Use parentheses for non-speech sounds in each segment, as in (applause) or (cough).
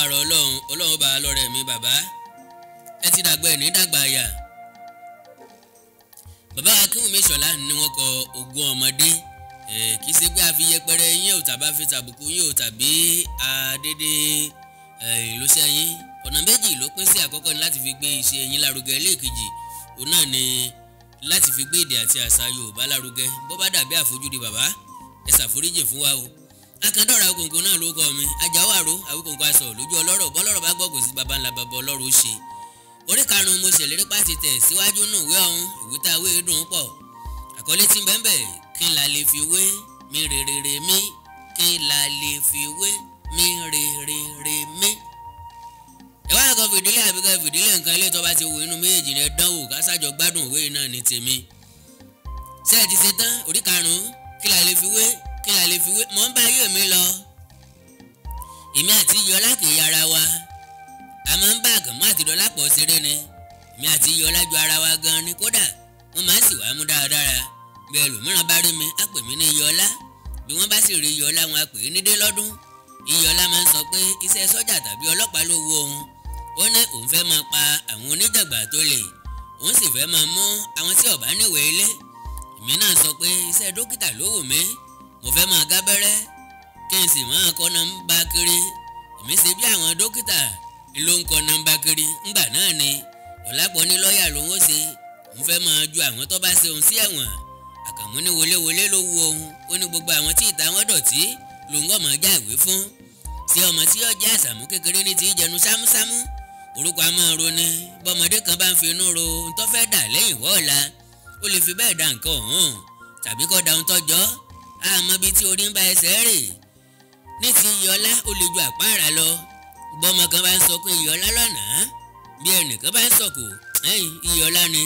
lágbára ọlọ́run ọlọ́run bá a lọ́rẹ̀ mi bàbá ẹ ti dàgbà ẹ̀ ní dàgbà àyà bàbá akínwùmí ṣọlá ni wọ́n kọ ogún ọmọdé kì í ṣe pé a fi yẹpẹrẹ yín ò tàbá fi tàbùkù yín ò tàbí àdédé ìlúṣẹ́ yín ọ̀nà méjì ló pín sí àkọ́kọ́ ni láti fi gbé iṣẹ́ yín lárugẹ lẹ́ẹ̀kejì òun náà ni láti fi gbé èdè àti àṣà yorùbá lárugẹ bó bá dàbí àfojúdi bàbá ẹ ṣàforíjì fún wa o akadọ́ra òkòǹkò náà ló kọ́ mi ajáwó àró àwíkòǹkò aṣọ lójú ọlọ́rọ̀ bọ́lọ́rọ̀ bá gbọ́kò sí baba ńlá baba ọlọ́rọ̀ ó ṣe orí karùn-ún mo ṣèlérí pàṣẹ tẹ̀ síwájú nù wé ọ̀hún ìwé tá a wé dùn pọ̀ àkọlé tí ń bẹ́ẹ̀ bẹ́ẹ̀ kí n là lè fi wé mi rèrèrè mi kí n là lè fi wé mi rèrèrè mi. ìwà ẹ̀kọ́ fìdílé àbíkẹ́ fìdílé nǹkan ilé tó bá ti wù inú méjèèjì rẹ̀ dánwò kásàjọ gbádùn òwe náà ní tèmi. sẹ́ẹ̀ ti ṣe tán orí karùn-ún kí n là lè fi wé kí la lè fi wé mò ń bá ayé mi lọ èmi àti yọlá kì í yára wa a máa ń bá àgànmọ́ àti dọ́là pọ̀ ṣeré ni èmi àti yọlá ju ara wa gan ni kódà wọ́n máa ń sì wá mú dáradára bí ẹlòmíràn bá rí mi á pè mí ní yọlá bí wọ́n bá sì rí yọlá wọn á pè é nídé lọ́dún iyọlá máa ń sọ pé iṣẹ́ sọ́jà tàbí ọlọ́pàá ló wo òun ó ní òun fẹ́ máa pa àwọn oníjàgbá tó lè òun sì fẹ́ máa mú àwọn tí ọ̀bá níwèé ilé èmi náà sọ pé iṣẹ́ dókítà ló wù mí mo fẹ́ máa gábẹ́rẹ́ kí n sì máa kọ́ nọ́mbà kiri èmi ṣe bí àwọn dókítà ló ń kọ́ nọ́mbà kiri ńgbà náà ni Dọ̀lápọ̀ ní lọ́ọ̀yà ló ń wó ṣe mo fẹ́ máa ju àwọn tó bá ṣe òun sí ẹ̀wọ̀n Àkànmú ní wọléwọlé ló wu òun ó ní gbogbo àwọn tí ìta wọn dọ̀tí ló ń gbọ́mọ já ìwé fún ṣé ọmọ tí yóò jẹ́ àṣàmú kékeré ní ti jẹnu sámúsámú orúkọ amóhoro ni bọ́mọdé kan bá ń fi inú ro ohun tó fẹ́ dà lẹ́yìn wọ́ọ̀la ó lè fi bẹ́ẹ̀ da nǹkan ọ̀hún tàbí kọ́ da ohun tó jọ́ àmọ́ bíi tí orí ń bá ẹsẹ̀ rè ní ti iyọlá ó lè ju àpáàrà lọ bọ́mọ kan bá ń sọ pé iyọlá lọ́nàá bí ẹnìkan bá ń sọ̀kò ẹ̀yìn iyọlá ni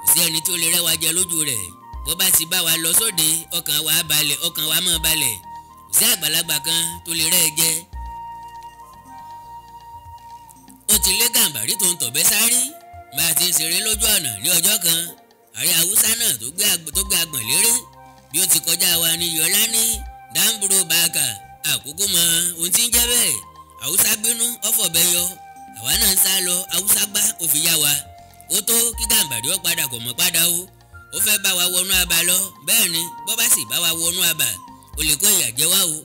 kò sí ẹni tó lè rẹ́wà jẹ lójú rẹ̀ bó bá ti bá wa lọ sóde ọkàn wa balẹ̀ ọkàn wa mọ́ balẹ̀ kò sí àgbàlagbà kan tó lè rẹ́ jẹ. ó ti lé gàǹbàrí tó ń tọ̀bẹ́ sárí bá a ti ń ṣeré lójú ọ̀nà ní ọjọ́ kan àrí haúsá náà tó gbé àgbọ̀n lérí bí ó ti kọjá wa ni yọlá ní dáńbúrò bàákà àkókò mọ ohun tí ń jẹ́ bẹ́ẹ̀ haúsá bínú ọ̀fọ̀bẹ yọ àwa náà ń sá lọ haúsá gbá òfin yá wa ó tó kí gàǹbàrí ó padà kò mọ̀ padà o ó fẹ́ bá wa wọnú abà lọ bẹ́ẹ̀ ni bọ́ bá sì bá wa wọnú abà ó lè kó ìyà jẹ wá o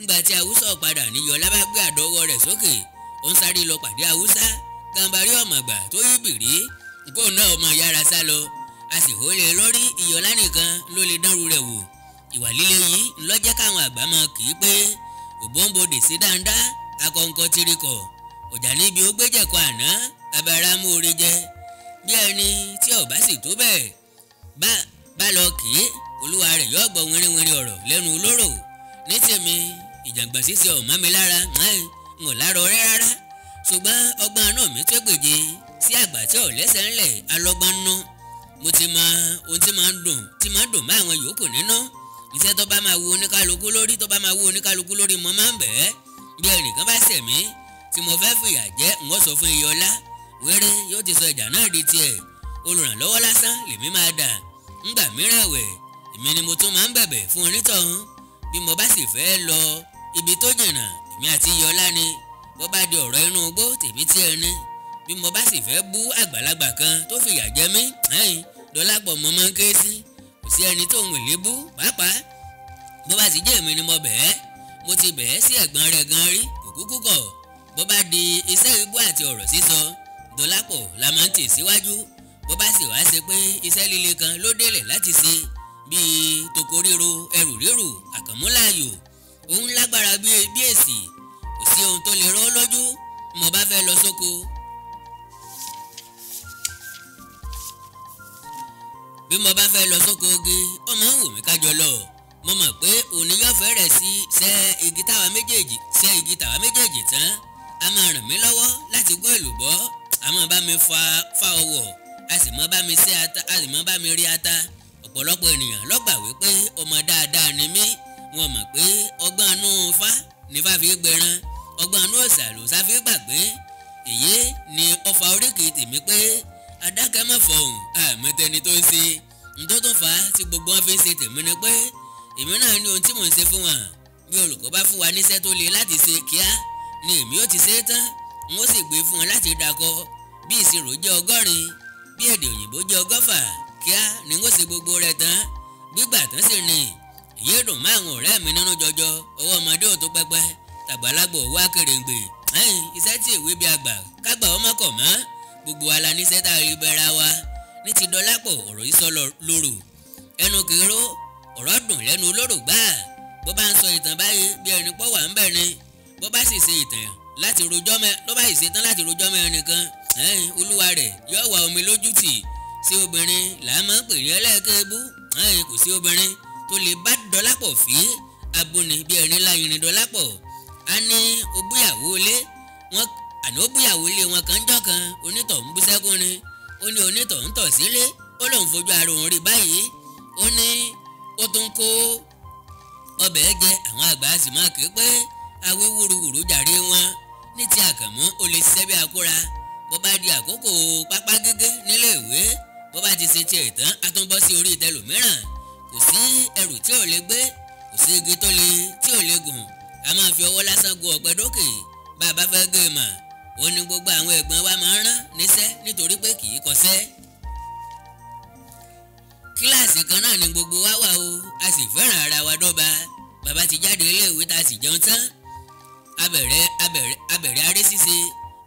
ńgbà tí haúsá ọ̀padà ní yọlá bá gbé àdọ́wọ́ rẹ̀ sókè ó ń sáré lọ pàdé haúsá gàǹbàrí ọ̀mọ̀gbà tó yí bìrí nǹkó náà ọmọ yára sá lọ a sì hó lè lórí ìyọlá nìkan ló lè dánrú rẹ̀ wò ìwà líle yìí lọ́jẹ́ káwọn àgbà mọ̀ kì í pé òbóǹbodè sí dáadáa akọ̀ǹkọ̀ tirikọ̀ ọ̀jà níbi ó gbéjẹ̀kọ̀ àná abara amóore jẹ bí ẹni tí ọba sì tó bẹ́ẹ̀ bá bá lọ kì í olúwa rẹ̀ yóò gbọ́ wínrínwínrín ọ̀rọ̀ lẹ́nu olóró ní tèmi ìjàngbọ̀n ṣíṣe ọ̀mọ́ mi lára ń ò lára ọ̀rẹ́ rárá ṣùgbọ́n ọgbọ́n náà mi tó gbèje sí àgbà tí ò lẹ́sẹ̀ ńlẹ̀ alọ́gbọ́n náà mo ti mọ ohun tí máa ń dùn tí máa ń dùn máa wọn yòókù nínú iṣẹ́ tó bá máa wo oníkálukú lórí tó bá máa wo oníkálukú lórí mo máa ń bẹ̀ ẹ́ bí ẹnìkan bá ṣẹ̀ mí tí mo fẹ́ fìyà jẹ n ó sọ fún iye ọlá wéré yóò ti sọ ìjà náà di tiẹ̀ olùrànlọ́wọ́ lásán lèmi máa dà ńgbà mìíràn ẹ̀wẹ̀ èmi ni mo tún máa ń bẹ̀bẹ̀ fún onítọ̀hún bí mo bá sì fẹ́ lọ ibi tó jìnnà èmi àti iye ọlá ni bó bá di ọ̀rọ̀ inú igbó tèmi tí ẹni bí mo bá sì fẹ́ bú àgbàlagbà kan tó fìyà jẹ mí ẹ̀yìn Dọlápọ̀ mo máa ké sí kò sí ẹni tó ń wèlé bú pàápàá bó bá sì jẹ́ èmi ni mo bẹ̀ẹ́ mo ti bẹ̀ẹ́ sí ẹ̀gbọ́n rẹ̀ gan rí kò kúkú kọ̀ bó bá di iṣẹ́ ìbú àti ọ̀rọ̀ sísọ Dọlápọ̀ la máa ń tè síwájú bó bá sì wá ṣe pé iṣẹ́ líle kan ló délẹ̀ láti ṣe bíi tokoríro ẹrù rírù àkànmúláyò òun lágbára bí èsì kò sí ohun tó lè rọ́ lójú mo bá fẹ́ lọ sóko bí mo bá fẹ́ lọ sóko oge ọmọ ń wù mí kájọ lọ mo mọ̀ pé òní yóò fẹ́rẹ̀ sí sẹ́ igi tàwa méjèèjì sẹ́ igi tàwa méjèèjì tán a máa ràn mí lọ́wọ́ láti gún èlùbọ́ a máa bá mi fa fa ọwọ́ a sì máa bá mi ṣe ata a sì máa bá mi rí ata ọ̀pọ̀lọpọ̀ ènìyàn ló gbà wípé ọmọ dáadáa ni mí wọn mọ̀ pé ọgbọ́n inú fa ní fàfi gbẹran ọgbọ́n inú ọ̀sà ló sáfi gbàgbé èyí ni ọfà oríkì tèmi pé Adaka ma tó ń ṣe ǹtọ́ tó fà á gbogbo wọn fi ń ṣe ni pé èmi náà ní ohun tí mò ń ṣe fún wa, bí olùkọ́ bá fún wa níṣẹ́ tó le láti kíá ni èmi ó ti se tán n ó sì gbé e fún wa láti dakọ bí ìṣirò jẹ́ ọgọ́rin bí èdè òyìnbó jẹ́ ọgọ́fà kíá ni n gbogbo rẹ tán gbígbà tán sì ni ìyẹn dùn má àwọn ọ̀rẹ́ mi nínú gbogbo wa la ní sẹ́tà rí bẹ́ra wa ní ti Dọlápọ̀ ọ̀rọ̀ yìí sọ lóru ẹnu kì í ró ọ̀rọ̀ dùn lẹ́nu olóró gbáà bó bá ń sọ ìtàn báyìí bí ẹni pọ̀ wà ń bẹ̀ ni bó bá sì ṣe ìtàn láti rojọ́ mẹ́ ló bá sì ṣe tán láti rojọ́ mẹ́ nìkan olúwa rẹ̀ yóò wà omi lójú tì sí obìnrin làá máa ń pè ní ẹlẹ́ẹ̀kẹ́bú kò sí obìnrin tó lè bá Dọlápọ̀ fí abúni bí ẹni láyìnrín Dọlápọ̀ a ní ogúnyàwó ilé wọn àná búyàwó ilé wọn kan jọ́ kan onítọ̀ ń bú sẹ́kún ni ó ní onítọ̀ ń tọ̀ sílé ó lòun fojú ara òun rí báyìí ó ní ó tún kó ọbẹ̀ jẹ àwọn àgbà sì máa ké pé awé wúruwúru jàre wọn ní ti àkànmọ́ ó lè ṣiṣẹ́ bí akóra bó bá di àkókò pápá gẹ́gẹ́ níléèwé bó bá ti ṣe tiẹ̀ tán a tún bọ́ sí orí tẹlòmíràn kò sí ẹrù tí ò lè gbé kò sí igi tó le tí ò lè gùn a máa fi ọwọ́ lásán gun ọ̀pẹ dókè bá a bá fẹ́ gé e mọ̀ ó ní gbogbo àwọn ẹ̀gbọ́n wa máa ń rán níṣẹ́ nítorí pé kì í kọsẹ́ kíláàsì kan náà ni gbogbo wa wà o a sì fẹ́ràn ara wa dọ́ba bàbá ti jáde iléèwé tá a sì jẹun tán abẹ̀rẹ̀ abẹ̀rẹ̀ abẹ̀rẹ̀ aré ṣíṣe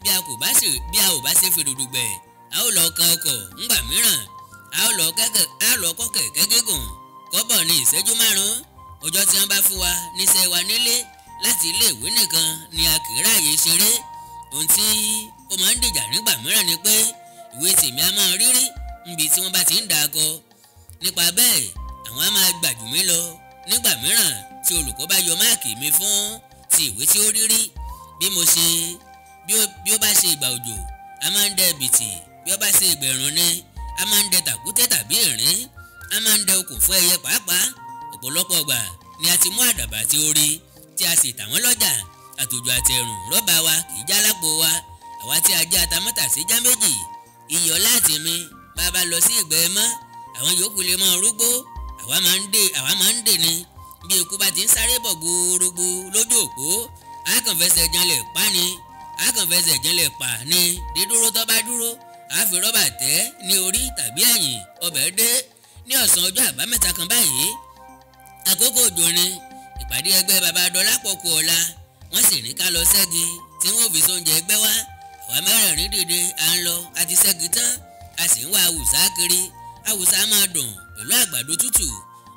bí a kò bá ṣe bí a ò bá ṣe fèrèdùgbẹ̀ a ó lọ kan ọkọ̀ ńgbà mìíràn a ó lọ kẹ́kẹ́ a ó lọ kọ́ kẹ̀kẹ́ gígùn kọ́bọ̀ ní ìṣẹ́jú márùn-ún ọjọ́ tí wọ́n bá fún wa níṣẹ́ wa nílé láti iléèwé nìkan ni a kì í ráàyè ṣeré ohun tí ó máa ń dìjà nígbà mìíràn ni pé ìwé tèmi á máa rírí níbi tí wọ́n bá ti ń dà á kọ nípa bẹ́ẹ̀ àwọn á máa gbàjù mí lọ nígbà mìíràn tí olùkọ́ bá yọ máàkì mi fún ti ìwé tí ó rírí bí mo ṣe bí ó bá ṣe ìgbà òjò a máa ń dẹ bìtì bí ó bá ṣe ìgbà ẹ̀rùn ni a máa ń dẹ tàkúté tàbí ìrìn a máa ń dẹ okùn fún ẹyẹ pàápàá ọ̀pọ̀lọpọ̀ ọgbà ni a ti mú àdàbà tí ó rí tí a sì tà wọ́n lọ́jà àtòjò àtẹ̀rùn rọ́bà wa kì í já lápò wa àwa tí a atamátàsí já méjì iyọ̀ láti mi bá a bá lọ sí ìgbẹ́ mọ́ àwọn yòókù lè mọ rúgbó àwa máa ń dè àwa máa ń dè ni bí ikú bá ti ń sáré bọ̀ gbogbo lójú òpó akànfẹsẹ̀ janlẹ̀ pa ni akànfẹsẹ̀ janlẹ̀ pa ni dídúró tó bá dúró àfi rọ́bà tẹ́ ní orí tàbí ẹ̀yìn ọbẹ̀ dé ní ọ̀sán ọjọ́ àbámẹ́ta kan báyìí àkókò òjò ni ìpàdé ẹgbẹ́ baba dọ́lápọ̀ kù ọ̀la wọ́n sì ní ká lọ ṣẹ́gi tí wọ́n fi sóúnjẹ ẹgbẹ́ wá àwa mẹ́rẹ̀ẹ̀rin dìde à ń lọ a ti ṣẹ́gi tán a sì ń wá àwùsá kiri àwùsá máa dùn pẹ̀lú àgbàdo tútù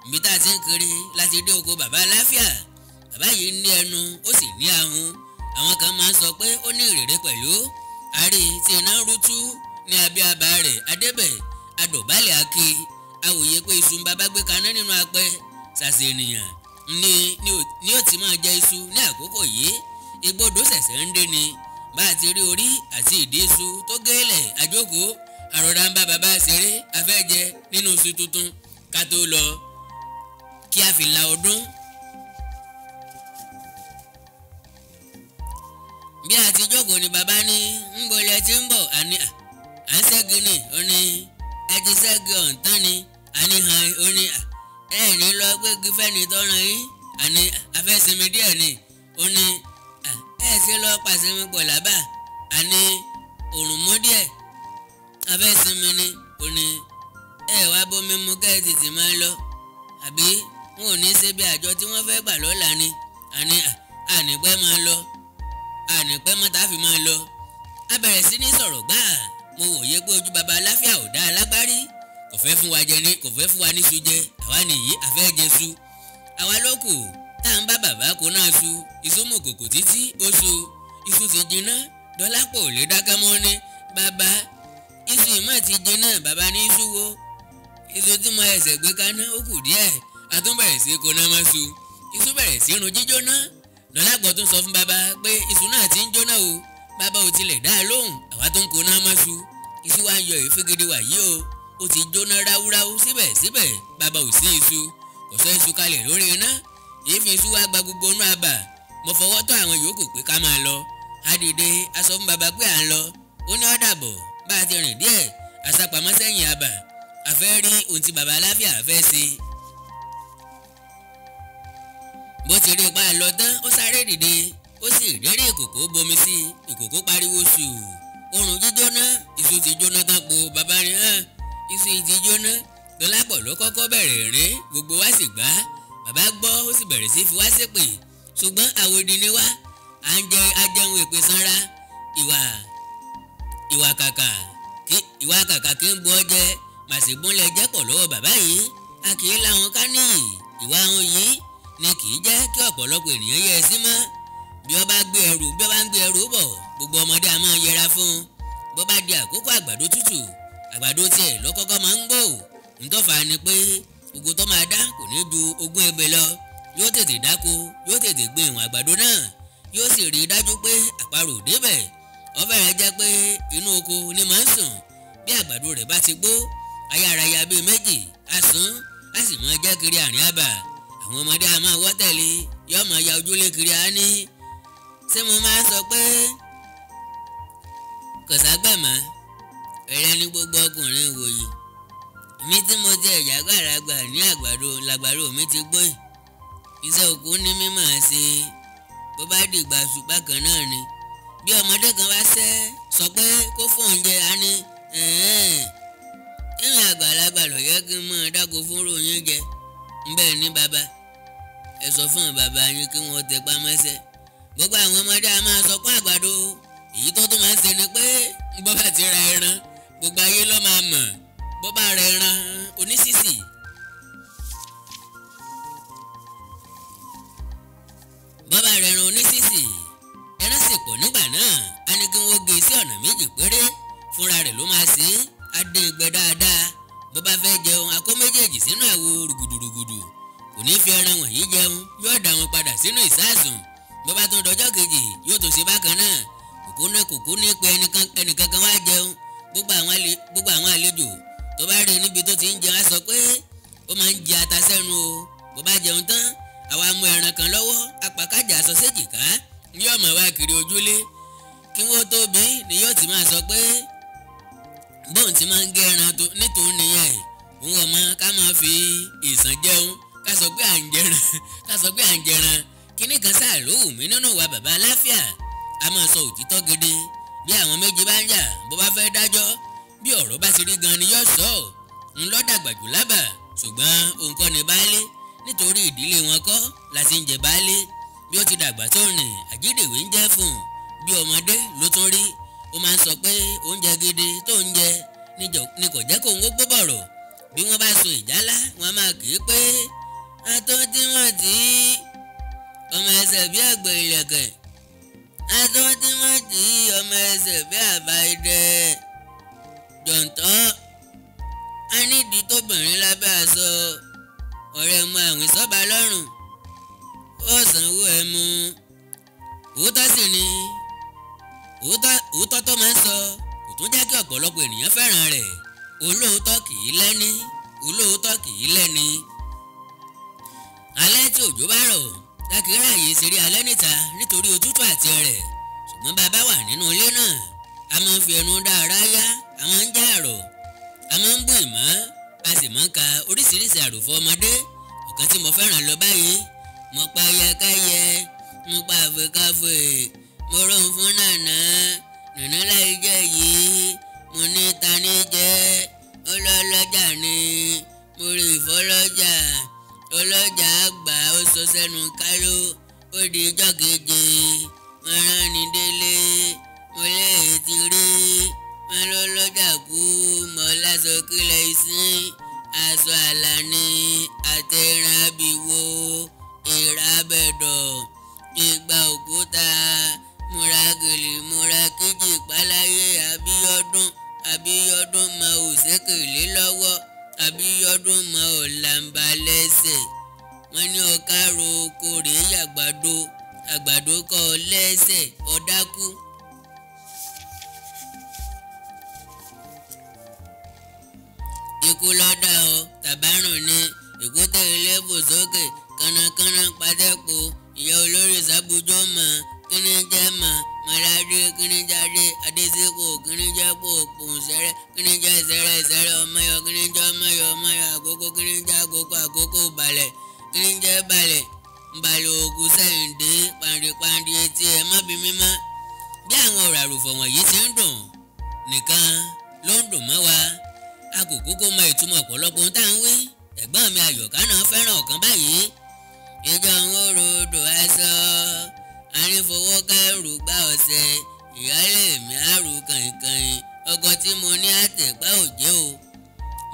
ibi tá a ti ń kiri láti dé oko bàbá aláfíà bàbá yìí ní ẹnu ó sì ní ahun àwọn kan máa ń sọ pé ó ní ìrèrè pẹ̀lú àrí tí iná ń rútú ní abẹ́ abà rẹ̀ adébẹ̀ adọ̀bálẹ̀ akí awòye pé iṣu bàbá gbé kaná nínú apẹ ṣàṣì ènìyàn ni ni ó ti máa jẹ iṣu ní àkókò yìí igbodò ṣẹ̀ṣẹ̀ ń dé ni bá a ti rí orí àti ìdí iṣu tó gélẹ̀ àjókò àròrà ń bá bàbá ṣeré afẹ́jẹ nínú iṣu tuntun ká tó lọ kí a fi la ọdún. bí a ti jókòó ni bàbá ní ń gbolẹ̀ tí ń bọ̀ àní à ń ṣẹ́gi ni ó ní ẹ ti ṣẹ́gi ọ̀ǹtán ni àní ó ní à ẹ ní lọ gbégi fẹ́ni tọ́ran yín àní afẹ́sinmi díẹ̀ ni ó ní ẹ ṣe lọ pàṣẹmi pọ̀ lábà àní òrùn mú díẹ̀ afẹ́sinmi ni ó ní ẹ wá bómi mu kẹ́ ẹ tètè máa lọ àbí wọn ò ní ṣe bí àjọ tí wọ́n fẹ́ gbà lọ́la ni àní ànípẹ́ máa lọ ànípẹ́ mọ́tàfí máa lọ a bẹ̀rẹ̀ sí ní sọ̀rọ̀ gbáà mo wòye pé ojú baba aláfíà ò dá alágbárí kò fẹ́ fún wa jẹ ní kò fẹ́ fún wa níṣu jẹ àwa nìyí àfẹ́ jẹ su àwa lóko tá à ń bá bàbá kó náà su ìsúnmù kòkò títí ó su iṣu ti jiná Dọlápọ̀ ò lè dákẹ́ mọ́ ni bàbá iṣu ìmọ̀ ti jiná bàbá ní iṣu wo iṣu tí mo ẹsẹ̀ gbé kaná ó kù díẹ̀ àtúnbẹ̀rẹ̀ sí kó náà má su iṣu bẹ̀rẹ̀ sí irun jíjóná Dọlápọ̀ tún sọ fún bàbá pé iṣu náà ti ń jóná o bàbá ò tilẹ̀ dá lóhùn àwa tó ń kó náà má su iṣu wa yọ ìfigidi wà yí o ó ti jóná ráúráú síbẹ̀síbẹ̀ bàbá ò sí iṣu kò sọ iṣu kalẹ̀ lórí iná èyí fi iṣu wá gba gbogbo inú abà mo fọwọ́ tọ́ àwọn yòókù pé ká máa lọ a dìde a sọ fún bàbá pé à ń lọ ó ní ó dàbọ̀ bá a ti rìn díẹ̀ a sá pamọ́ sẹ́yìn abà a fẹ́ rí ohun tí bàbá aláfíà fẹ́ ṣe. bó ti rí ipa lọ tán ó sáré dìde ó sì rẹ́rìn ìkòkò bomi sí ìkòkò pariwo sùn òrùn jíjóná iṣu ti jóná tán po bàbá rẹ̀ hàn iṣu ìdí jóná Dọlápọ̀ ló kọ́kọ́ bẹ̀rẹ̀ rín gbogbo wa sì gbá bàbá gbọ́ ó sì bẹ̀rẹ̀ sí fi wá ṣépè ṣùgbọ́n àwòdì ni wá à ń jẹ ajẹun èpè sanra ìwà ìwà kàkà kí ìwà kàkà kí ń bu ọjẹ màsígbónlẹ̀ jẹ́pọ̀ lọ́wọ́ bàbá yìí a kì í láwọn ká níyì ìwà wọn yìí ni kì í jẹ́ kí ọ̀pọ̀lọpọ̀ ènìyàn yẹ ẹ sí mọ́ bí ọba gbé ẹrù bí ọba ń gbé ẹrù bọ̀ gbogbo ọmọdé a máa yẹra fún un bó bá di àkókò àgbàdo tútù àgbàdo tiẹ̀ lọ́kọ́kọ́ máa ń gbò ntọ́fà ni pé gbogbo tó máa dá kò ní ju ogún ebè lọ yóò tètè dáko yóò tètè gbé ìwọ̀n àgbàdo náà yóò sì rí i dájú pé àparò débẹ̀ ọbẹ̀ rẹ̀ jẹ́ pé inú oko ni máa ń sùn bí àgbàdo rẹ̀ bá ti gbó ayáraya bíi méjì á sùn á sì máa jẹ́ kiri àrìn àbà àwọn ọmọdé a máa wọ́ tẹ̀lé yóò máa ya ojúlé kiri á ní ṣé mo máa sọ pé kò ẹ̀rẹ́ ní gbogbo ọkùnrin ìwòyí mi tí mo ti ẹ̀yà gbàràgbà ní àgbàdo làgbàdo mi ti gbóyè iṣẹ́ òkú ní mímọ̀ ṣe bó bá dìgbà ṣùgbọ́n ni bí ọmọdé kan bá ṣẹ́ sọ pé kó fún oúnjẹ á ní ìrìn àgbàlagbà ló yẹ kí n mọ dáko fún ròyìn jẹ ni baba ẹ sọ fún bàbá yín kí wọ́n tẹ gbogbo àwọn ọmọdé a máa sọ pé àgbàdo èyí tó máa ń ṣe ni ra gbogbo ayé ló máa mọ̀ bó bá rẹ̀ ran onísìsì. bọ́bá rẹ̀ ran onísìsì ẹran sì pọ̀ nígbà náà a ní kí wọ́n gé e sí ọ̀nà méjì péré fúnra rẹ̀ ló máa sìn adé ìgbẹ́ dáadáa bó bá fẹ́ jẹun akó méjèèjì sínú àwo rùgùdùrùgùdù kò ní fi ẹran wọ̀nyí jẹun yóò dà wọn padà sínú ìsáàsùn bó bá tún dọjọ́ kejì yóò tún ṣe bákan náà kòkó ní kòkó ní pé ẹnìkan wá jẹun gbogbo àwọn àlejò tó bá rí níbi tó ti ń jẹun á sọ pé ó máa ń jẹ ata sẹ́nu o bó bá jẹun tán àwa mú ẹran kan lọ́wọ́ apàkájà sọ séjìká ní ọmọ wa kiri ojúlé kí wọ́n tó bí ni yóò ti máa sọ pé bóun ti máa ń gé ẹran nítorí nìyẹn òun ọmọ ká máa fi ìsàn jẹun ká sọ pé à ń jẹran (laughs) ká sọ pé à ń jẹran kíní kan sáà ló mí nínú wa bàbá aláfíà a máa sọ òtítọ́ gidi bí àwọn méjì bá ń jà bó bá fẹ́ dájọ́ bí ọ̀rọ̀ bá ti rí gan ni yóò sọ ọ́ ń lọ́ dàgbà jù lábà ṣùgbọ́n òun kọ́ ni baálé nítorí ìdílé wọn kọ́ la ti ń jẹ baálé bí ó ti dàgbà tó àjídèwé ń jẹ́ fún bí ọmọdé ló tún rí ó máa ń sọ pé oúnjẹ gidi tó ń jẹ ni kò jẹ́ kó ń gbó bọ̀rọ̀ bí wọ́n bá so ìjálá wọn máa kì í pé atọ́ tí wọ́n ti ọmọ ẹsẹ̀ bí àgbẹ̀ ìlẹ̀kẹ̀ atún tímọ́tì ọmọ ẹsẹ̀ bí àbá idẹ jọ̀ǹtọ́ a nídìí tóbìnrin lábẹ́ aṣọ ọ̀rẹ́ mu àwìn sọ́ba lọ́rùn ó sanwó ẹ mu òótọ́ sì ni òótọ́ tó máa ń sọ kò tún jẹ́ kí ọ̀pọ̀lọpọ̀ ènìyàn fẹ́ràn rẹ̀ olóòótọ́ kì í lẹ́ni olóòótọ́ kì í lẹ́ni alẹ́ tí òjò bá rọ̀ a kì í ráàyè ṣeré alẹ́ níta nítorí òtútù àti ẹ̀rẹ̀ ṣùgbọ́n bàbá wà nínú ilé náà a máa ń fi ẹnu dá ara yá a máa ń já àrò a máa ń bù ìmọ̀ a sì máa ń ka oríṣiríṣi àròfọ ọmọdé ọ̀kan tí mo fẹ́ràn lọ báyìí mo pa ayẹkẹ́yẹ mo pa àfẹ́káfẹ́ mo rọrùn fún nànà nànà láì yìí mo ní ta ó lọ́ lọ́jà ni mo rí ìfọ́lọ́jà ọlọ́jà àgbà ó sọ sẹ́nu káró ó di ijọ́ keje wọ́n rán ni délé mo lé ètí rí wọ́n lọ lọ́jà kú mọ́ lásọ kílẹ̀ ìsín aṣọ àlàní àtẹ̀rábìwò ìrábẹ̀dọ̀ ìgbà òkúta múra gèlè múra kéjì páláyé àbíyọdún àbíyọdún máa ò ṣèkèlé lọ́wọ́. ma mọ ọ̀làǹbà lẹ́sẹ̀ wọn ní ọ̀ká ro oko rèé àgbàdo àgbàdo kọ́ ọ lẹ́sẹ̀ ikú lọ́dà ọ tàbárùn ni èkúté ilé bòsókè kánnakánná pàtẹ́pọ̀ ìyá olórí sábùjọ́ mọ̀ kíní jẹ́ mọ̀. mọ̀ládé kíníjáde adésípò kíníjẹ́pò pòǹsẹ́rẹ́ kíníjẹ́ ìsẹ́rẹ́ ìsẹ́rẹ́ ọmọyọ kíníjẹ́ ọmọyọ ọmọyọ àkókò kíníjẹ́ àkókò àkókò balẹ̀ kíníjẹ́ balẹ balẹ̀ ògùn sẹ́yìndé pandipandi etí ẹ̀ má bí bí àwọn ọ̀rọ̀ àròfọ̀ wọ̀nyí ti ń dùn nìkan ló ń dùn mọ́ wa a kò mọ ìtumọ̀ ọ̀pọ̀lọpọ̀ ohun tá mi àrífowóká ẹrù gbá ọṣẹ ìyáálé mi àrù kàìnkàìn ọkọ tí mo ní àtẹ̀gbá òjé o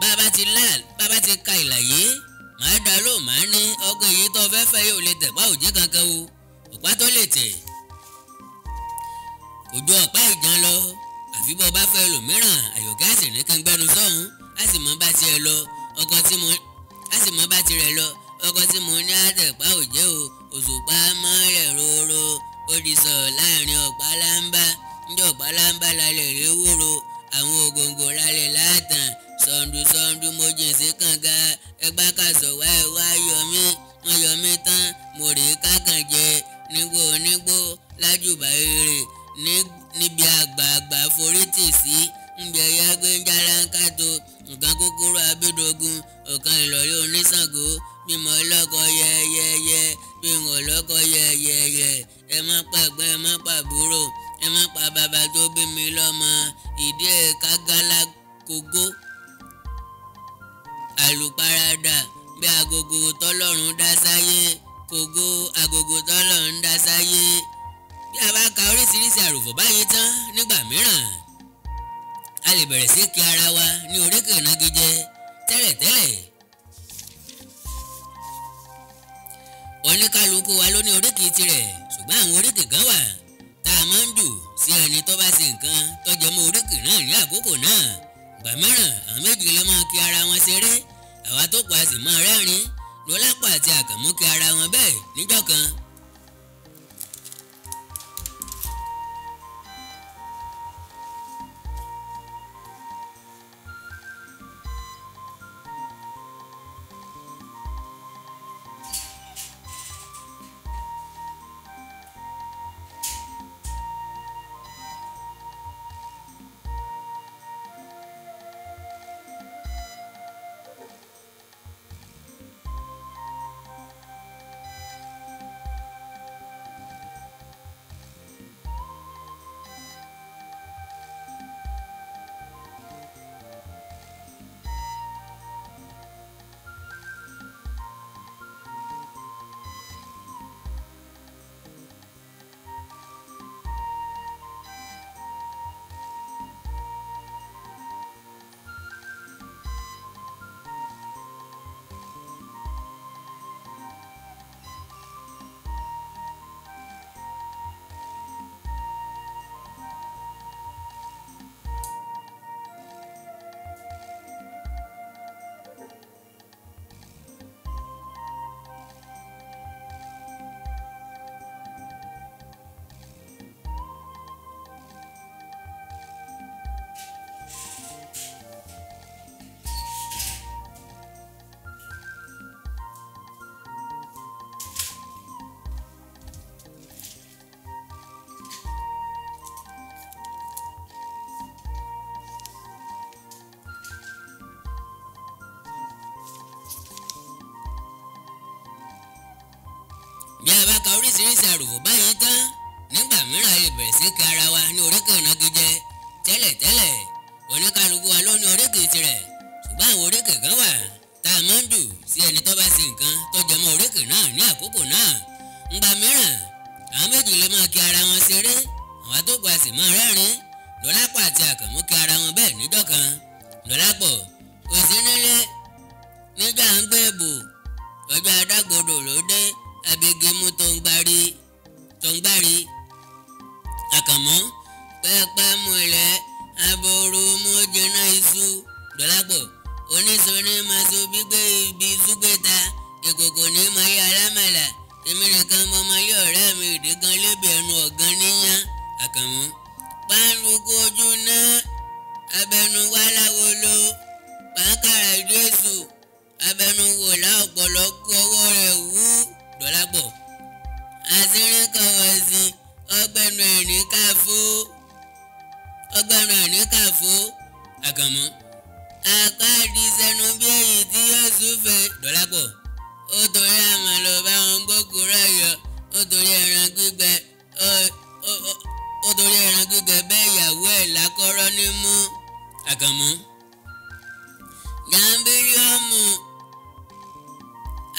bàbá ti lá bàbá ti ka ìlàyé màá dá ló màá ní ọkọ èyí tó fẹ́ fẹ́ yóò lè tẹ̀gbá òjé kankan o ọ̀pá tó lè tẹ̀ òjò ọ̀pá ìjà lọ àfi bọ́ bá fẹ́ lòmíràn àyọ̀ká sì ní kí n gbẹnu sọ́hún á sì mọ bá tiẹ̀ lọ ọkọ tí mo ní àtẹ̀pá òjé o òṣùpá mọ́ rẹ̀ róró ó di sọ̀rọ̀ láàrin ọ̀pálámbá níjọ́ ọ̀pálámbá lálẹ́ rẹ̀ wúro àwọn ògòǹgò lálẹ́ látàn sọ̀ndù sọ̀ndù mo jìn sí kànga ẹgbá kàṣọ wá ẹ yọmí wọn yọmí tán mo rè é kákànjẹ nígbò nígbò lájùbà rere níbi àgbààgbà forítì sí ńbẹ ẹyà gbé ń jára ń kàtó nǹkan kúkúrú abédogun ọ̀kan ìlọ̀rí oníṣàngó bí mo lọ́kọ yẹ́yẹ́yẹ́ bí mo lọ́kọ yẹ́yẹ́yẹ́ ẹ má pàgbẹ́ ẹ má pàbúrò ẹ má pa bàbá tó bí mi lọ́mọ ìdí ẹ̀ kágálá kógó àlùparadà bí agogo tọ́lọ́run dá sáyé kógó agogo tọ́lọ́run dá sáyé bí a bá ka oríṣiríṣi àròfò báyìí tán nígbà mìíràn a lè bẹ̀rẹ̀ sí kí ara wa ní oríkèé nagijẹ tẹ́lẹ̀tẹ́lẹ̀ oníkálukú wa ló ní oríkì tirẹ̀ ṣùgbọ́n àwọn oríkì kan wà tá a máa ń jù sí ẹni tó bá ṣe nǹkan tó jẹ mọ́ oríkì náà ní àkókò náà gbà mìíràn àwọn méjì lè máa kí ara wọn ṣeré àwa tó kù sì máa rẹ́rìn-ín lọ́lápọ̀ àti àkànmú kí ara wọn bẹ́ẹ̀ níjọ́ kan ka oríṣiríṣi àròfò báyìí tán nígbà mìíràn ayé bẹ̀rẹ̀ sí ara wa ní oríkèé ìnagijẹ tẹ́lẹ̀tẹ́lẹ̀ oníkálukú wa ló ní oríkèé tirẹ̀ ṣùgbọ́n àwọn oríkèé kan wà tá a máa ń sí ẹni tó bá nǹkan tó náà ní àkókò náà mìíràn àwọn méjì lè máa kí ara wọn ṣeré àwọn lọ́lápọ̀ kò sí nílé nígbà ń gbé ọjọ́ adágbodò ló abégémú tó ń gbárí tó ń gbárí àkànmọ́ pẹ́ẹ́pẹ́ múlẹ̀ aboru mú jẹná iṣu dọ́lápọ̀ oníṣòní máa so gbígbé ibi zúgbẹ́ta ìkòkò ní mọ ayé alámàlà èmi nìkan mọ ọmọ ayé ọ̀rẹ́ mi ìdí kan lébi ẹnu ọ̀gán níyàn àkànmọ́ pàǹdùkú ojú náà abẹnuwá láwolo pàǹkàrà ìdí èṣù abẹnuwò láòpọ̀lọ́ kú ọwọ́ rẹ̀ wú. Dọ́lápọ̀ àṣírí kọ̀wọ̀ sí ọgbẹ́nu ẹ̀rín káfó ọgbẹ́nu ẹ̀rín káfó àkànmọ́ apá àdìsẹ́nu bí èyí tí yóò súnfẹ́ Dọ́lápọ̀ ó torí àmọ́ lọ bá wọn gbókùrọ̀ yọ ó torí ẹran gbígbẹ ó torí ẹran gbígbẹ bẹ́ẹ̀ ìyàwó ẹ̀ lákọ́rọ́ ní mú àkànmọ́ gàmbíríọ́mù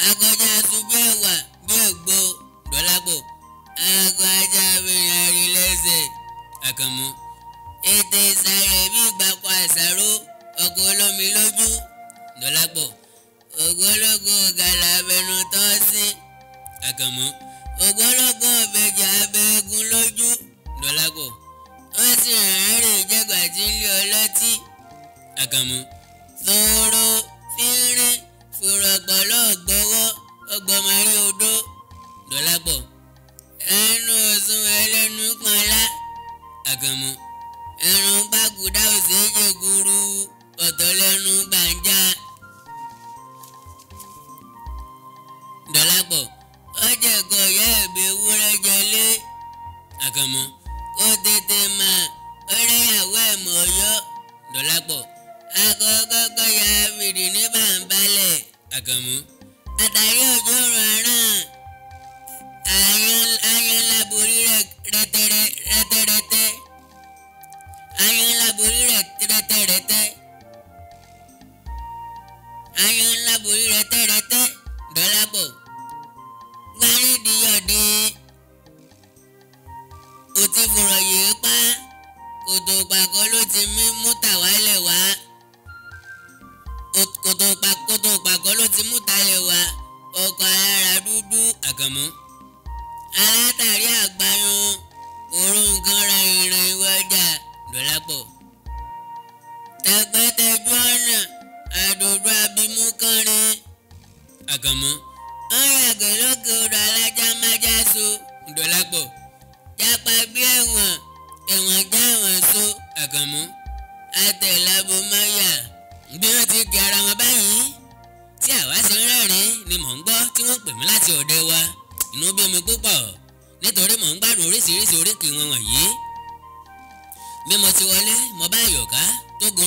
akọjá sunbẹ́wà gbòògbò dọ́làpọ̀ aago ajá mi rìn lẹ́sẹ̀ àkànmú ètè ìsàrè bí ìgbàpọ̀ àṣàrò ọkọ̀ olómi lójú dọ́làpọ̀ ògbólógbò gàlà abẹnú tọ́ sí àkànmú ògbólógbò ọ̀bẹ̀jà abẹ́gun lójú dọ́làpọ̀ ó sì rẹ́rìn ìjẹ́gbà tí ń lé ọlọ́tí àkànmú tóró fínrín fúrọ̀pọ̀ lọ́gbọ́wọ́ ọgbọ̀mọ̀rí odó dọ̀lápọ̀ ẹnu ọ̀sùn ẹlẹ́nu pọ́nlá àgàmù ẹnu gbàgùdá òṣèjì gúrú ọ̀tọ̀ lẹ́nu gbàǹjà dọ̀lápọ̀ ọjà ẹ̀kọ́ ìyá ẹ̀bẹ̀ ewúrẹ́ jẹlé àgàmù ó tètè máa ọ̀rẹ́yàwó ẹ̀mọ̀ ọ̀yọ́ dọ̀lápọ̀ akọ́kọ́kọ́ ya fìdí ní bàǹbalẹ̀ àgàmù. I use your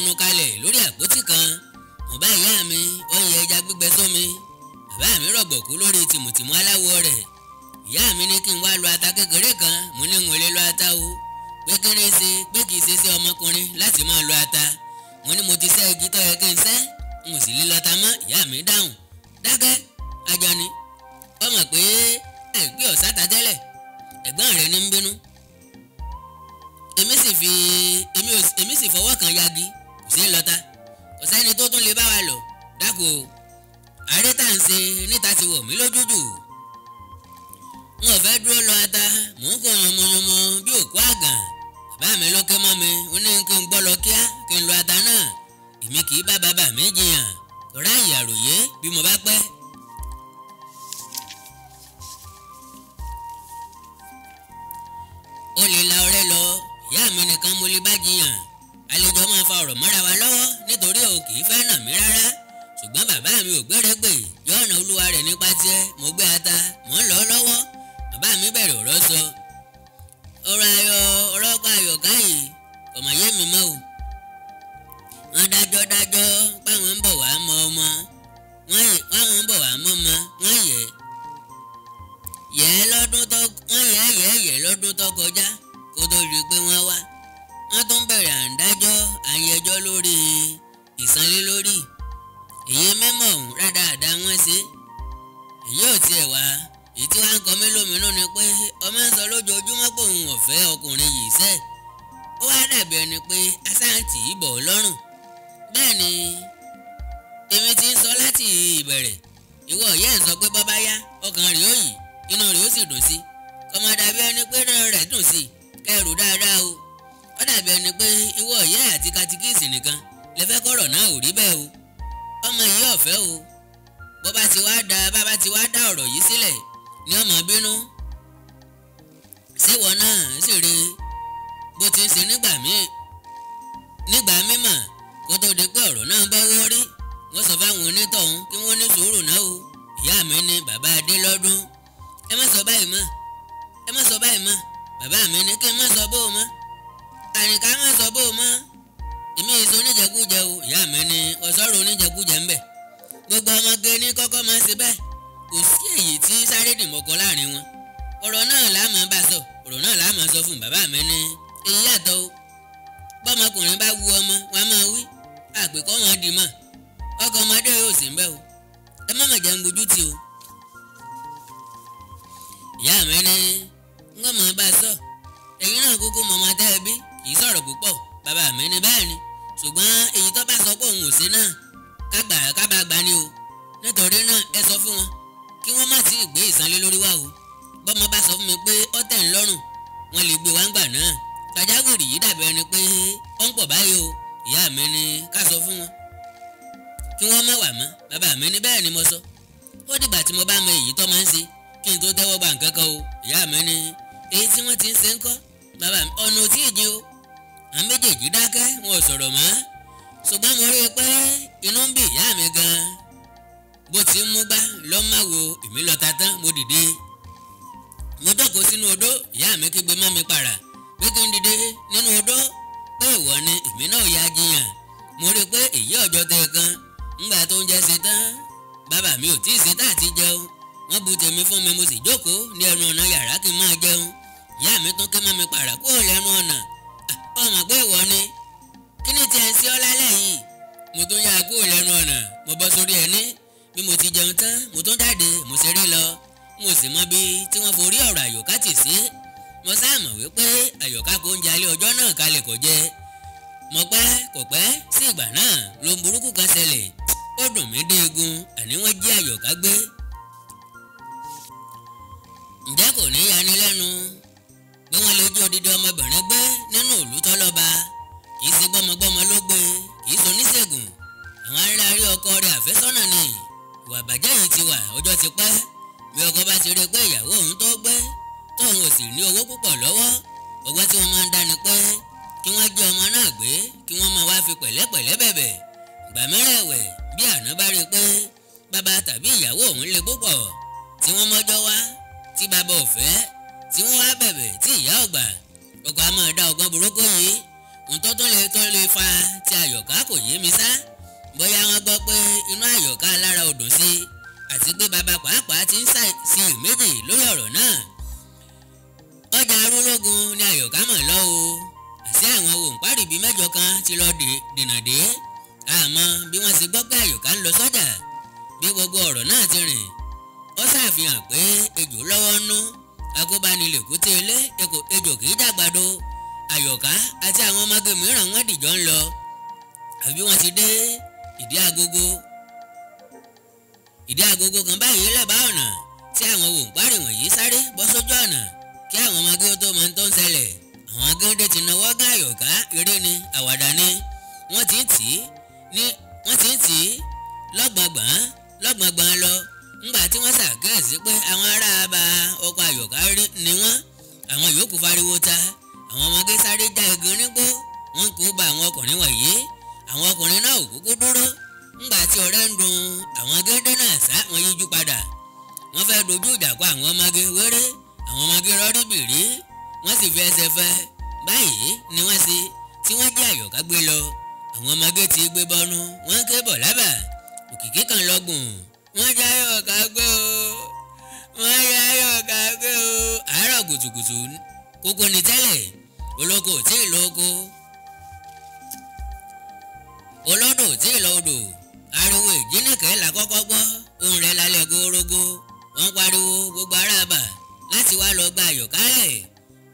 mu kalẹ̀ lórí àpótí kan bàbá ìyá mi ó yẹ ẹja gbígbẹ sómi bàbá mi rọ̀gbọ̀kú lórí tìmùtìmù aláwọ̀ rẹ̀ ìyá mi ní kí n wá lo ata kékeré kan mo ní n ò lè lo ata o pé kí ni ṣe pé kì í ṣe sí ọmọkùnrin láti máa lo ata mo ní mo ti sẹ́ igi tó kí n sẹ́ n ò sì lè lọ́ta mọ́ ìyá mi dáhùn dákẹ́ Àjàní ó mọ̀ pé ẹ̀gbẹ́ ọ̀sáta tẹ́lẹ̀ ẹ̀gbọ́n rẹ̀ ní ń bínú èmi sì fi èmi sì fọwọ́ kan yagi sí ń lọ tán kò sẹ́ni tó tún lè bá wa lọ dákun o àárẹ̀ tá à ń ṣe níta ti wọ̀ mí lójúdù n ò fẹ́ dúró lọ ata mò ń kó yànmọ́yànmọ́ bí òkú àgàn bàbá mi ló ké mọ́ mi ó ní kí n gbọ́ lọ kíá kí n lọ ata náà èmi kì í bá bàbá mi jiyàn kò ráàyè àròyé bí mo bá pẹ́. ó lè la ọ̀rẹ́ lọ ìyá mi nìkan mo lè bá jiyàn àlejò máa fa ọ̀rọ̀ mọ́ra wa lọ́wọ́ nítorí o kì í fẹ́ nà mí rárá ṣùgbọ́n bàbá mi ò gbérégbè yọ̀ọ̀nà olúwa rẹ̀ nípa tiẹ̀ mo gbé ata mò ń lọ lọ́wọ́ bàbá mi bẹ̀rẹ̀ ọ̀rọ̀ sọ ọ̀rọ̀ ayọ̀ ọ̀rọ̀ ọkọ̀ ayọ̀ káyìí ọmọ yé mi mọ́ o wọ́n dájọ́ dájọ́ páwọn ń bọ̀ wá mọ ọmọ wọ́n ń bọ̀ wá mọ́ ọmọ wọ́n yẹ yẹ lọ́dún tó kọjá kó tó rí i pé wọ́n wá wọ́n tún bẹ̀rẹ̀ à ń dájọ́ à ń yẹjọ́ lórí ìsanlélórí èyí mímọ̀ ọ̀hún rádaràda wọ́n ṣe èyí ò tiẹ̀ wá èyí tí wọ́n ń kọ mí lóminú ni pé ọmọ ń sọ lójoojúmọ́ pé òun ọ̀fẹ́ ọkùnrin yìí sẹ́ ó wá dàbí ẹni pé asáǹtì ìbọ̀ lọ́rùn bẹ́ẹ̀ ni èmi ti ń sọ láti ìbẹ̀rẹ̀ ìwọ ìyá ẹ̀ ń sọ pé bọ́bá yá ọkàn rẹ̀ ó yìí inú rẹ̀ ó sì dùn sí kọ́mọdàbí ẹni pé náà rẹ̀ dùn sí kẹrù dáadáa o ó dàbí ẹni pé ìwọ ìyá àti katikíìsì nìkan lè fẹ́ kọ́rọ̀ náà ò rí bẹ́ẹ̀ o ọmọ yìí ọ̀fẹ́ o bó bá ti wá da bàbá ti wá dá ọ̀rọ̀ yìí sílẹ̀ ni ọmọ bínú síwọ náà sì rí bó ti ń ṣe nígbà míì nígbà mímọ̀ kó tó di pé ọ̀rọ̀ náà bá rí wọ́n sọ fáwọn onítọ̀hún kí wọ́n ní sùúrù náà o ìyá mi ni bàbá adé lọ́dún ẹ má sọ báyìí mọ́ ẹ má sọ báyìí mọ́ bàbá mi ni kí n má sọ bó o mọ́ àyìnká máa aha bó o mọ́ èmi èso oníjẹkújẹ o ìyá mi ni ọ̀sọ́rọ̀ oníjẹkújẹ ń gbogbo ọmọge ní kọkọ máa ṣe bẹ́ẹ̀ kò sí èyí tí sáré dìmọ̀kọ́ láàrin wọn ọ̀rọ̀ náà láàmú bá sọ ọ̀rọ̀ náà láàmú sọ fún bàbá mi ni èyí o bọ́mọkùnrin bá wu ọmọ wa máa wí àpèkọ́ wọn mọ́ ọkọ ọmọdé yóò sì o ẹ má gbójú ti o ìyá mi ń bá sọ kì í sọ̀rọ̀ púpọ̀ bàbá mi ní bẹ́ẹ̀ ni ṣùgbọ́n èyí tó bá sọ pé òun ò sí náà kágbà kábà gbà ni o nítorí náà ẹ sọ fún wọn kí wọ́n má ti gbé ìsanlé lórí wa o bọ́mọ bá sọ fún mi pé ó tẹ̀ ń lọ́rùn wọn lè gbé wa ń gbà náà tajagùrì yìí dàbí ẹni pé ó ń pọ̀ báyìí o ìyá mi ni ká sọ fún wọn kí wọ́n má wà mọ́ bàbá mi ní bẹ́ẹ̀ ni mo sọ ó dìgbà tí mo bá mọ èyí tó máa ń ṣe kí n tó tẹ́wọ́ gba nǹkan kan o ìyá mi ni èyí tí wọ́n ti ń ṣe ń kọ́ bàbá mi ọ̀nà ò tí ì o dòjú dákẹ́ wọn ò sọ̀rọ̀ mọ́ ṣùgbọ́n mo rí i pé inú ń bí ìyá mi gan bó ti ń mú gbá lọ́màwò èmi lọ́ta tán mo dìde mo jókòó sínú odó ìyá mi kígbe mọ́ mi pàrà pé kí n dìde nínú odó pé ìwọ ni èmi náà yá jiyàn mo rí i pé kan ńgbà tó ń jẹ ṣe tán bàbá mi ò tí ì ṣe tá àti jẹun wọ́n bu tèmi fún mi mo n ọmọ pé ìwọ ni kí ni tiẹ̀ ń sí ọ́ lálẹ́ yìí mo tún yára kúrò lẹ́nu ọ̀nà mo bọ́ sórí ẹ̀ ní bí mo ti jẹun tán mo tún jáde mo ṣeré lọ mo sì mọ bí tí wọ́n forí ọ̀rọ̀ àyọ̀ká tì sí mo sáàmọ̀ wípé kò náà kalẹ̀ kò jẹ mo pẹ́ kò pẹ́ sí ìgbà náà ló ń burúkú kan ṣẹlẹ̀ ó dùn mí dé àní wọ́n jí àyọ̀ká gbé ǹjẹ́ kò ní yanilẹ́nu pé wọ́n lè gbé odidi ọmọbìnrin gbé nínú ìlú tọ́lọ́ba kì í ṣe gbọ́mọgbọ́mọ ló gbé kì í ṣoníṣègùn àwọn aráàlú ọkọ rẹ̀ àfẹ́sọ́nà ni ìwà àbàjẹ́ yìí ti wà ọjọ́ ti pẹ́ bí ọkọ bá ti rí pé ìyàwó òun tó gbé tóun ò sì ní owó púpọ̀ lọ́wọ́ ọgbọ́n tí wọ́n máa ń dáni pé kí wọ́n jí ọmọ náà gbé kí wọ́n máa wá fi pẹ̀lẹ́pẹ̀lẹ́ bẹ̀bẹ̀ gbà mẹ́rẹ̀ ẹ̀wẹ̀ bí àná bá rí pé bàbá tàbí ìyàwó òun le púpọ̀ tí wọ́n mọ́jọ́ wá tí bàbá ò fẹ́ tí wọ́n á bẹ̀bẹ̀ tí ìyá ọ̀gbà ọkọ̀ a máa dá ọgbọ́n burúkú yìí nǹkan tó lè tó lè fa ti àyọ̀ká kò yé mi sá bóyá wọ́n gbọ́ pé inú àyọ̀ká lára odò sí àti pé bàbá pàápàá ti ń ṣàìsí méjì lórí ọ̀rọ̀ náà ọjà arúlógún ni àyọ̀ká mọ̀ lọ o àti àwọn òǹpárìbí mẹ́jọ kan ti lọ dènà dé àmọ́ bí wọ́n ṣe gbọ́ pé àyọ̀ká ń lọ sọ́jà bí gbogbo ọ̀rọ̀ náà ti rìn ó ṣàfihàn pé ejò lọ́wọ́ nú àkóbánilèkúté ilé ejò kì í dàgbàdo àyọ̀ká àti àwọn ọmọge mìíràn wọ́n dìjọ́ ń lọ àbí wọ́n ti dé ìdí agogo ìdí agogo kan báyìí lẹ́bàá ọ̀nà tí àwọn wòǹpárì wọ̀nyí sáré bọ́ sójú ọ̀nà kí àwọn ọmọge tó mọ tó ń ṣẹlẹ̀ àwọn géńdé ti nawọ́ gán àyọ̀ká eré ni àwàdà ni wọ́n ti ń tì í lọ́gbọ̀ngbọ̀n lọ́gbọ̀ngbọ̀n lọ ńgbà tí wọ́n ṣàkíyèsí pé àwọn ará bá ọkọ̀ àyọ̀ká rí ni wọ́n àwọn yòókù fariwo ta àwọn ọmọge sáré já igun nígbó wọn kò bá àwọn ọkùnrin wọ̀nyí àwọn ọkùnrin náà ò kúkú dúró ńgbà tí ọ̀rẹ́ ń dun àwọn géńdé náà sá wọn yíjú padà wọ́n fẹ́ dojú ìjà àwọn ọmọge wéré àwọn ọmọge bìrí wọ́n sì fi ẹsẹ̀ ti gbé bọ́nú wọ́n ké bọ̀ lábà òkìkí wọ́n jáyọ̀ ọ̀gá gbé o wọ́n jáyọ̀ ọ̀gá gbé o. àárọ̀ kùtùkùtù kókó ni tẹ́lẹ̀ olóko tí ì lóko olódò tí ì lódò ariwo ìjínikẹ́ là kọ́kọ́ gbọ́ ohùn rẹ̀ lálẹ́ górógó wọ́n pariwo gbogbo aráàbà láti wá lọ gba àyọ̀kálẹ̀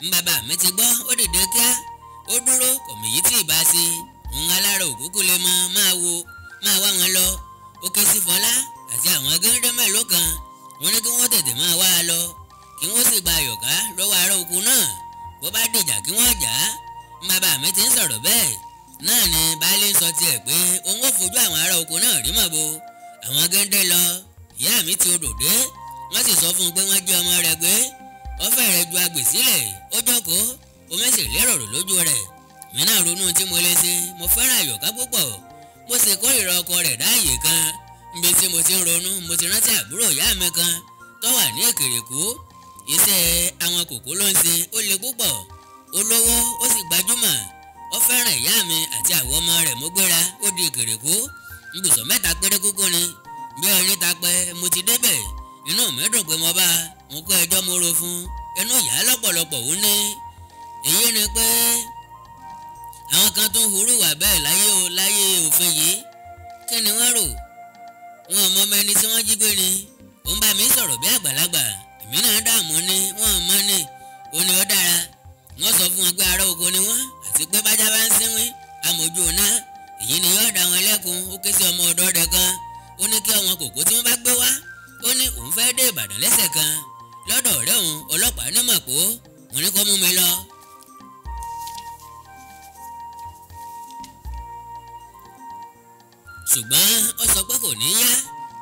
ń bàbá mi ti gbọ́ ó dìde kíá ó dúró kọ̀mìyí tí ì bá sí ń alára òkúkú lè mọ máa wo máa wá wọn lọ ó ké sí fọlá àti àwọn géńdé mélòó kan wọ́n ní kí wọ́n tètè máa wá a lọ kí wọ́n sì gba àyọ̀ká lọ́wọ́ ará oko náà bó bá dìjà kí wọ́n jà á bàbá mi ti ń sọ̀rọ̀ bẹ́ẹ̀ náà ni baálé ń sọ tiẹ̀ pé òun ò fojú àwọn ará oko náà rí mọ̀ bo àwọn géńdé lọ ìyá mi ti odò dé wọ́n sì sọ fún un pé wọ́n jí ọmọ rẹ̀ gbé ọfẹ́ rẹ̀ ju agbè sílẹ̀ ó jókòó omi sì lérò rò lójú rẹ̀ mi náà ronú tí mo lè ṣe mo fẹ́ràn àyọ̀ká púpọ̀ mo sì kórìíra ọkọ rẹ̀ dáàyè kan níbi tí mo ti ń ronú mo ti rántí àbúrò ìyá mi kan tó wà ní èkèrèkó iṣẹ́ àwọn kòkó ló ń ṣe ó le púpọ̀ ó lówó ó sì gbajúmọ̀ ó fẹ́ràn ìyá mi àti àwọn ọmọ rẹ̀ mo gbéra ó di èkèrèkó ibùsọ̀ mẹ́ta péré kúkú ni bí ẹni ta pẹ́ mo ti débẹ̀ inú mi dùn pé mo bá mo kó ẹjọ́ mo ro fún inú ìyá lọ́pọ̀lọpọ̀ ó ní èyí ni pé àwọn kan tó ń hurú wà bẹ́ẹ̀ láyé òfin yìí kí ni wọ́n rò wọn mọ ọmọ ẹni tí wọ́n jí gbé ni òun bá mi sọ̀rọ̀ bí àgbàlagbà èmi náà dààmú ni wọn mọ ni òní ó dára wọ́n sọ fún wọn pé ará oko ni wọ́n àti pé bájá bá ń sínwín amòjú ọ̀nà èyí ni yóò dá wọn lẹ́kun ó ké sí ọmọ ọ̀dọ́ rẹ̀ kan ó ní kí ọmọ kòkó tí wọ́n bá gbé wá ó ní òun fẹ́ dé Ìbàdàn lẹ́sẹ̀ kan lọ́dọ̀ ọ̀rẹ́ òun ọlọ́pàá onímọ̀ pé òun ní kó mú mi lọ ṣùgbọ́n ó sọ pé kò ní yá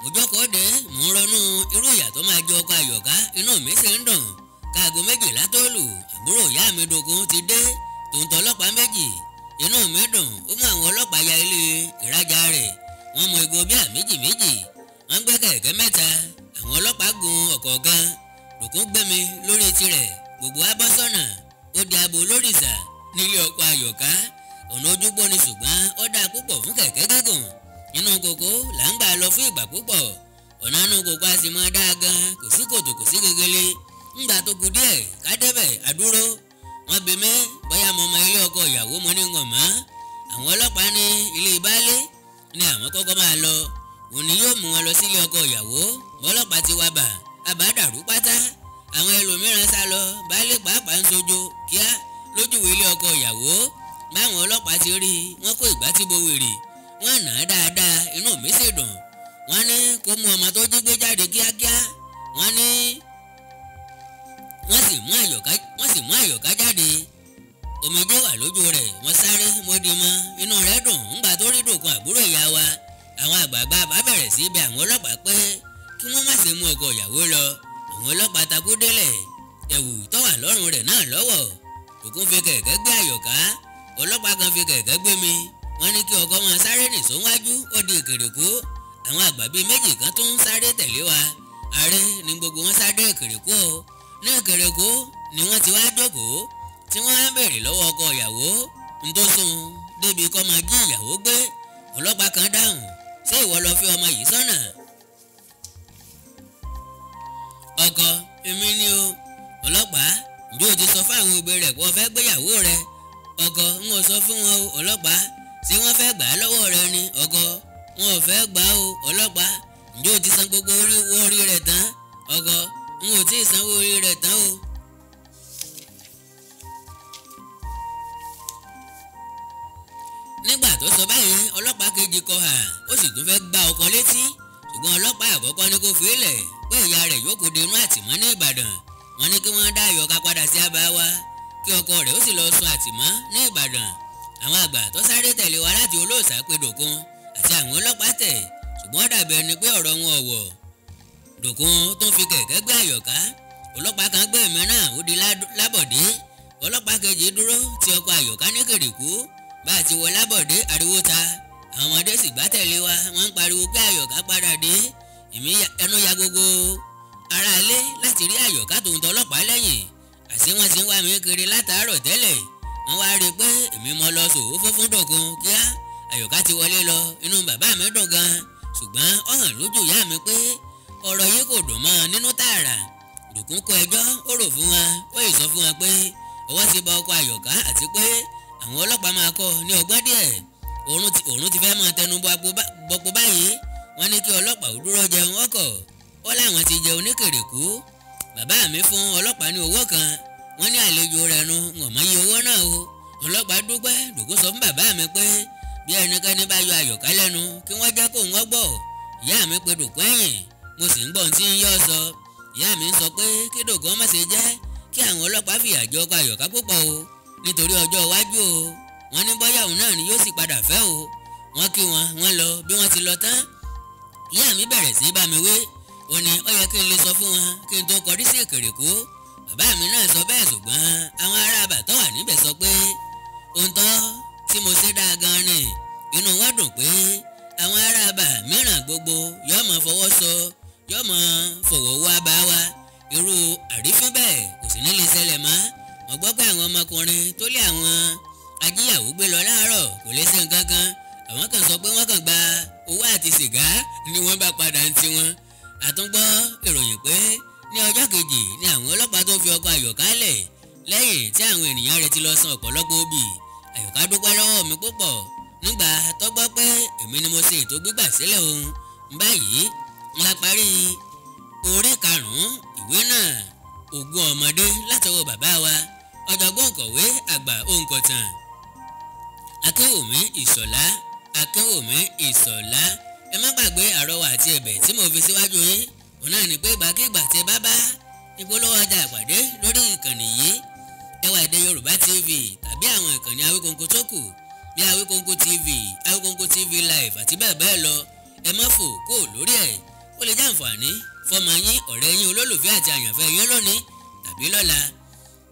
mo jókòó dé mò ń ronú irú ìyà tó máa jẹ ọkọ àyọ̀ká inú mi sì ń dùn káago méjìlá tó àbúrò ìyá mi dogun ti dé tòǹtọ̀ ọlọ́pàá méjì inú mi dùn ó mú àwọn ya ilé ìrajà rẹ̀ wọ́n mú ego bíà méjì méjì wọ́n gbé kẹ̀kẹ́ mẹ́ta àwọn ọlọ́pàá gun ọ̀kọ̀ọ̀kan dòkún gbé mi lórí tirẹ̀ gbogbo wa sọ́nà ó di abo nílé ọkọ̀ àyọ̀ká ọ̀nà ojúgbó ni ṣùgbọ́n ó dáa nínú kòkó là ń gbà lọ fún ìgbà púpọ̀ ọ̀nà inú kòkó a sì máa dáa gan kò sí kòtò kò sí gegele ńgbà tó kù díẹ̀ ká débẹ̀ àdúró wọ́n bí mi bóyá mo mọ ilé ọkọ ìyàwó mo ní ngàn mọ́ àwọn ọlọ́pàá ní ilé ìbálé ni àwọn kọ́kọ́ máa lọ òní yóò mú lọ ilé ọkọ ìyàwó báwọn ti rí wọn kó ìgbà tí wọ́n nà á dáadáa inú mi sì dùn wọ́n ní kó mú ọmọ tó jí gbé jáde kíákíá wọ́n ní wọ́n sì mú àyọ̀ká wọ́n sì mú àyọ̀ká jáde omijé wà lójú rẹ̀ mo sáré mo di mọ́ inú rẹ̀ dùn ńgbà tó rí dòkun àbúrò ìyá wa àwọn àgbààgbà bá bẹ̀rẹ̀ sí bẹ̀ àwọn ọlọ́pàá pé kí wọ́n má ṣe mú ọkọ ìyàwó lọ àwọn ọlọ́pàá takú délẹ̀ ẹ̀wù tó wà lọ́rùn rẹ̀ náà lọ́wọ́ òkun fi kẹ̀kẹ́ gbé àyọ̀ká ọlọ́pàá kan fi kẹ̀kẹ́ gbé mi wọ́n ní kí ọkọ máa sáré nìṣó wájú ó di ìkèrèkó àwọn àgbà bíi méjì kan tún sáré tẹ̀lé wa ààrẹ ni gbogbo wọn sáré ìkèrèkó o ní ìkèrèkó ni wọ́n ti wá jókòó tí wọ́n á béèrè lọ́wọ́ ọkọ ìyàwó ń tó sùn débi kọ́ máa jí ìyàwó gbé ọlọ́pàá kan dáhùn ṣé ìwọ lọ fi ọmọ yìí sọ́nà. ọkọ èmi ni o ọlọ́pàá ǹjẹ́ o ti sọ fún àwọn òbí rẹ̀ pé o fẹ́ gbéyàwó rẹ ọkọ ń sọ fún wọn ọlọ́pàá ṣé wọ́n fẹ́ gbà á lọ́wọ́ rẹ ni ọkọ wọn ò fẹ́ gbà á o ọlọ́pàá ǹjẹ́ o ti san gbogbo owó orí rẹ̀ tán ọkọ n ò tí ì sanwó orí rẹ̀ tán o. nígbà tó sọ báyìí ọlọ́pàá kejì kọ hà ó sì tún fẹ́ gba ọkọ létí ṣùgbọ́n ọlọ́pàá àkọ́kọ́ ni kò fílẹ̀ pé ìyá rẹ̀ yóò kó dènú àtìmọ́ ní Ìbàdàn wọ́n ní kí wọ́n dá àyọ̀ká padà sí àbáwá kí ọkọ rẹ̀ ó sì lọ sùn àtìmọ́ ní Ìbàdàn àwọn àgbà tó sáré tẹ̀lé wa láti olóòsà pé dòkun àti àwọn ọlọ́pàá tẹ̀ ṣùgbọ́n dàbí ẹni pé ọ̀rọ̀ wọn ọ̀wọ̀ dòkun tó fi kẹ̀kẹ́ gbé àyọ̀ká ọlọ́pàá kan gbé ẹ̀mẹ́ náà ó di lábọ̀dé ọlọ́pàá kejì dúró ti ọkọ̀ àyọ̀ká ní kèrèkú bá a ti wọ lábọ̀dé ariwo ta àwọn ọmọdé sì bá tẹ̀lé wa wọ́n ń pariwo pé àyọ̀ká padà dé èmi ẹnu ya gogo aráalé láti rí àyọ̀ká tòun tọ́ ọlọ́pàá lẹ́yìn àti wọ́n ti ń wá mi kiri látàárọ̀ tẹ́lẹ̀ n wá rí i pé èmi mọ lọ sòwò fúnfún dọ̀kun kíá àyọ̀ká ti wọlé lọ inú bàbá mi dùn gan ṣùgbọ́n ó hàn lójú ìyá mi pé ọ̀rọ̀ yìí kò dùn mọ́ nínú tààrà dùkún kọ ẹjọ́ ó rò fún wọn ó yìí sọ fún wọn pé ọwọ́ ti bọ ọkọ̀ àyọ̀ká àti pé àwọn ọlọ́pàá máa kọ́ ní ọgbọ́n díẹ̀ òórùn ti fẹ́ máa tẹnu bọ́pọ̀ báyìí wọ́n ní kí ọlọ́pàá ò dúró jẹun ọkọ̀ ó láwọn ti jẹun ní kèrèkú bàbá mi fún ọlọ́pàá ní owó kan wọ́n ní àlejò rẹ̀ nu wọ́n mọ iye owó náà o ọlọ́pàá dúpẹ́ dògó sọ fún bàbá mi pé bí ẹnikẹ́ni bá yọ àyọ̀ká lẹ́nu kí wọ́n jẹ́ kó wọ́n gbọ́ ìyá mi pe dògó ẹ̀yìn mo sì ń gbọ́ ohun tí ń sọ ìyá sọ pé kí má ṣe jẹ́ kí àwọn ọlọ́pàá fìyà jọ àyọ̀ká púpọ̀ o nítorí ọjọ́ iwájú o wọ́n ní bọ́yá òun náà ni yóò sì padà fẹ́ o wọ́n kí wọn wọ́n lọ bí wọ́n ti lọ tán ìyá mi bẹ̀rẹ̀ sí bá mi wé bàbá mi náà sọ bẹ́ẹ̀ ṣùgbọ́n àwọn ará bàtọ́ wà níbẹ̀ sọ pé ohun tó tí mo ṣe dáa gan ni inú wọn dùn pé àwọn ará bà mìíràn gbogbo yóò máa fọwọ́ sọ yóò máa fọwọ́ wá bá wa irú àrífín bẹ́ẹ̀ kò sí nílé ṣẹlẹ̀ mọ́ mo gbọ́ pé àwọn ọmọkùnrin tó lé àwọn ajíyàwó gbé lọ láàárọ̀ kò lè ṣe nǹkan kan àwọn kan sọ pé wọ́n kàn gba owó àti sìgá ni wọ́n bá padà ń tiwọn àtúngbọ́ ìròyìn pé ní ọjọ́ kejì ni àwọn ọlọ́pàá tó fi ọkọ̀ àyọ̀ká lẹ̀ lẹ́yìn tí àwọn ènìyàn rẹ̀ ti lọ san ọ̀pọ̀lọpọ̀ obì àyọ̀ká dúpẹ́ lọ́wọ́ mi púpọ̀ nígbà tó gbọ́ pé èmi ni mo ṣe ètò gbígbà sílẹ̀ òun báyìí la parí orí karùn-ún ìwé náà ògùn ọmọdé látọwọ́ bàbá wa ọ̀jọ̀gbọ́n kọ̀wé àgbà òǹkọ̀tàn akínwùmí ìṣọ̀lá akínwùmí ìṣọ̀lá ẹ má gbàgbé àrọwà àti ẹ̀bẹ̀ tí mo fi síwájú yín òun náà ní pé ìgbàkigbà tẹ́ bá bá ìpolówó ọjà ìpàdé lórí ìkànnì yìí ẹwà èdè Yorùbá TV tàbí àwọn ìkànnì Awíkonko tó kù bí Awíkonko TV Awíkonko TV live àti bẹ́ẹ̀ bẹ́ẹ̀ lọ ẹ má fò kó lórí ẹ̀ ó lè jẹ́ àǹfààní fọmọ yín ọ̀rẹ́ yín olólùfẹ́ àti àyànfẹ́ yín lónìí tàbí lọ́la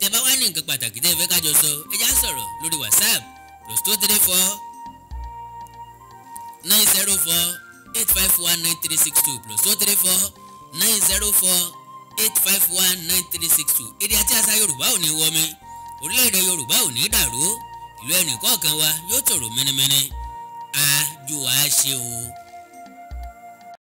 tẹ́ bá wá ní nǹkan pàtàkì tẹ́ fẹ́ kájọ sọ ẹ já sọ̀rọ̀ lórí WhatsApp plus two three four nine zero four eight five one nine three six two plus two three four nine zero four eight five one nine three six two èdè àti àṣà yorùbá ò ní wọmi orílẹ̀-èdè yorùbá ò ní dàrú ìlú ẹnìkọ̀ọ̀kan wa yóò tòrò mẹ́nẹ́mẹ́nẹ́ àjò àṣe o.